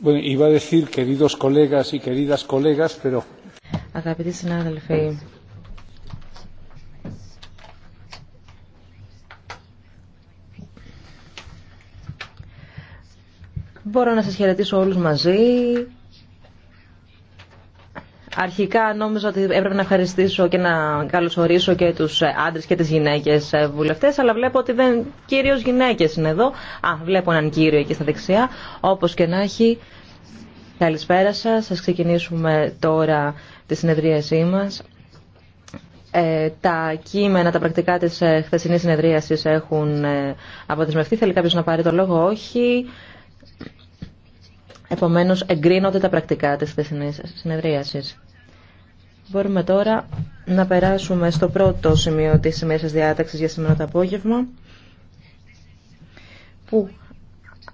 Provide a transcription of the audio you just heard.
Bueno, iba a decir, queridos colegas y queridas colegas, pero... Αγαπητοί συνάδελφοι, μπορώ να σας χαιρετήσω όλους μαζί. Αρχικά νόμιζα ότι έπρεπε να ευχαριστήσω και να καλωσορίσω και τους άντρες και τις γυναίκες βουλευτές, αλλά βλέπω ότι δεν κυρίως γυναίκες είναι εδώ. Α, βλέπω έναν κύριο εκεί στα δεξιά, όπως και να έχει. Καλησπέρα σα. σας ξεκινήσουμε τώρα τη συνεδρίασή μας. Ε, τα κείμενα, τα πρακτικά της ε, χθεσινής συνεδρίασης έχουν ε, αποδεσμευτεί. Θέλει κάποιος να πάρει το λόγο, όχι. Επομένως, εγκρίνονται τα πρακτικά της θεσινής συνεδρίασης. Μπορούμε τώρα να περάσουμε στο πρώτο σημείο της σημερινής διάταξης για σήμερα το απόγευμα, που